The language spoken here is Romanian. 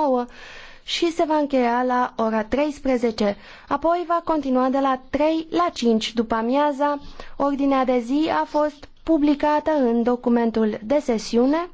9 și se va încheia la ora 13. Apoi va continua de la 3 la 5 după amiaza. Ordinea de zi a fost publicată în documentul de sesiune